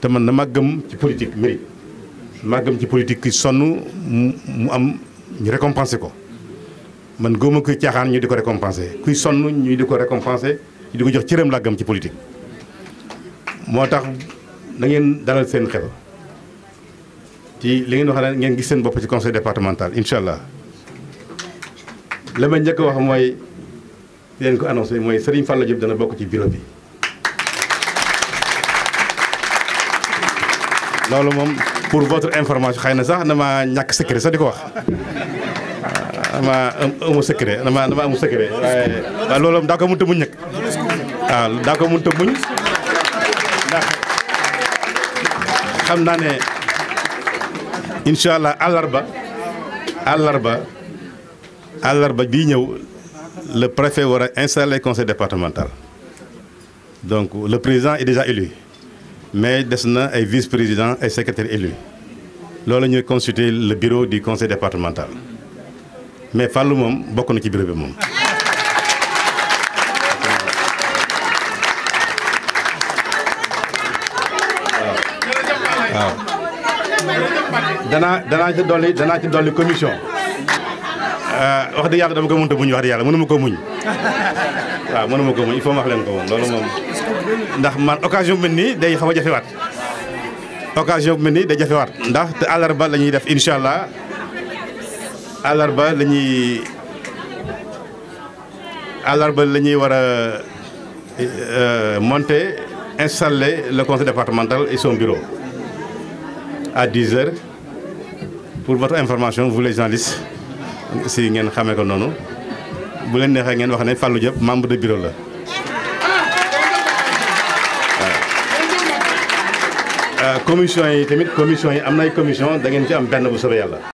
te man damaa gëm ci politique mérite maa gëm ci politique ki sonn mu am ñu récompenser ko man góoma kuy caaxaan ñu di ko récompenser kuy sonn ñu di ko récompenser ñu di ko jox cëram laa gëm ci politique. moo tax na ngeen dalal seen xel ci li ngeen wax ne ngeen gis seen bopp ci conseil départemental incha allah la ma njëkk wax mooy leen ko annoncé mooy Serigne Fallou Diop dana bokk ci bureau bi. loolu moom pour votre information xëy na sax damaa ñàkk secret sax di ko wax dama amu secret dama dama amu secret waaye waaw loolu daa ko mënta muñ muñ ndax xam naa ne incha allah àllarba àllarba àllarba bii ñëw le préfet war a installer conseil départemental donc le président est déjà élu mais des na ay vice président ay secrétaire élu loolu ñuy constituer le bureau di conseil départemental mais Fallou moom bokk na ci bureau bi moom. waaw danaa danaa ci dolli danaa ci dolli commission. Euh, wax dëgg yàlla dama ko mënta muñ wax dëgg yàlla mënuma ko muñ waaw mënuma ko muñ il faut ma wax leen ko moom loolu moom ndax man occasion bu nii day xaw a jafewaat occasion bu nii day jafewaat ndax te àllarba la ñuy def incha allah àllarba la ñuy àllarba la ñuy war a euh, monter installer le conseil départemental et son bureau à 10 heures pour votre information vous les journalistes si ngeen xamee ko noonu bu leen neexee ngeen wax ne Fallou Diop membre de bureau la euh, commission yi tamit commission yi am na ay commission da ngeen ci am benn bu soobee yàlla